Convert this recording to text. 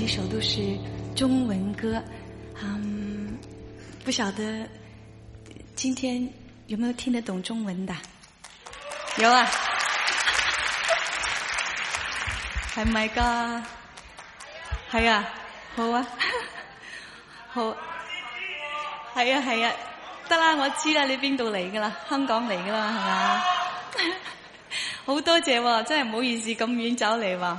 幾首都是中文歌，嗯、um,，不曉得今天有沒有聽得懂中文的？有啊，係咪噶？係啊，好啊， 好，係啊係啊，得、啊、啦，我知啦，你邊度嚟噶啦？香港嚟噶啦，係嘛、啊？好多謝、啊，真係唔好意思，咁遠走嚟。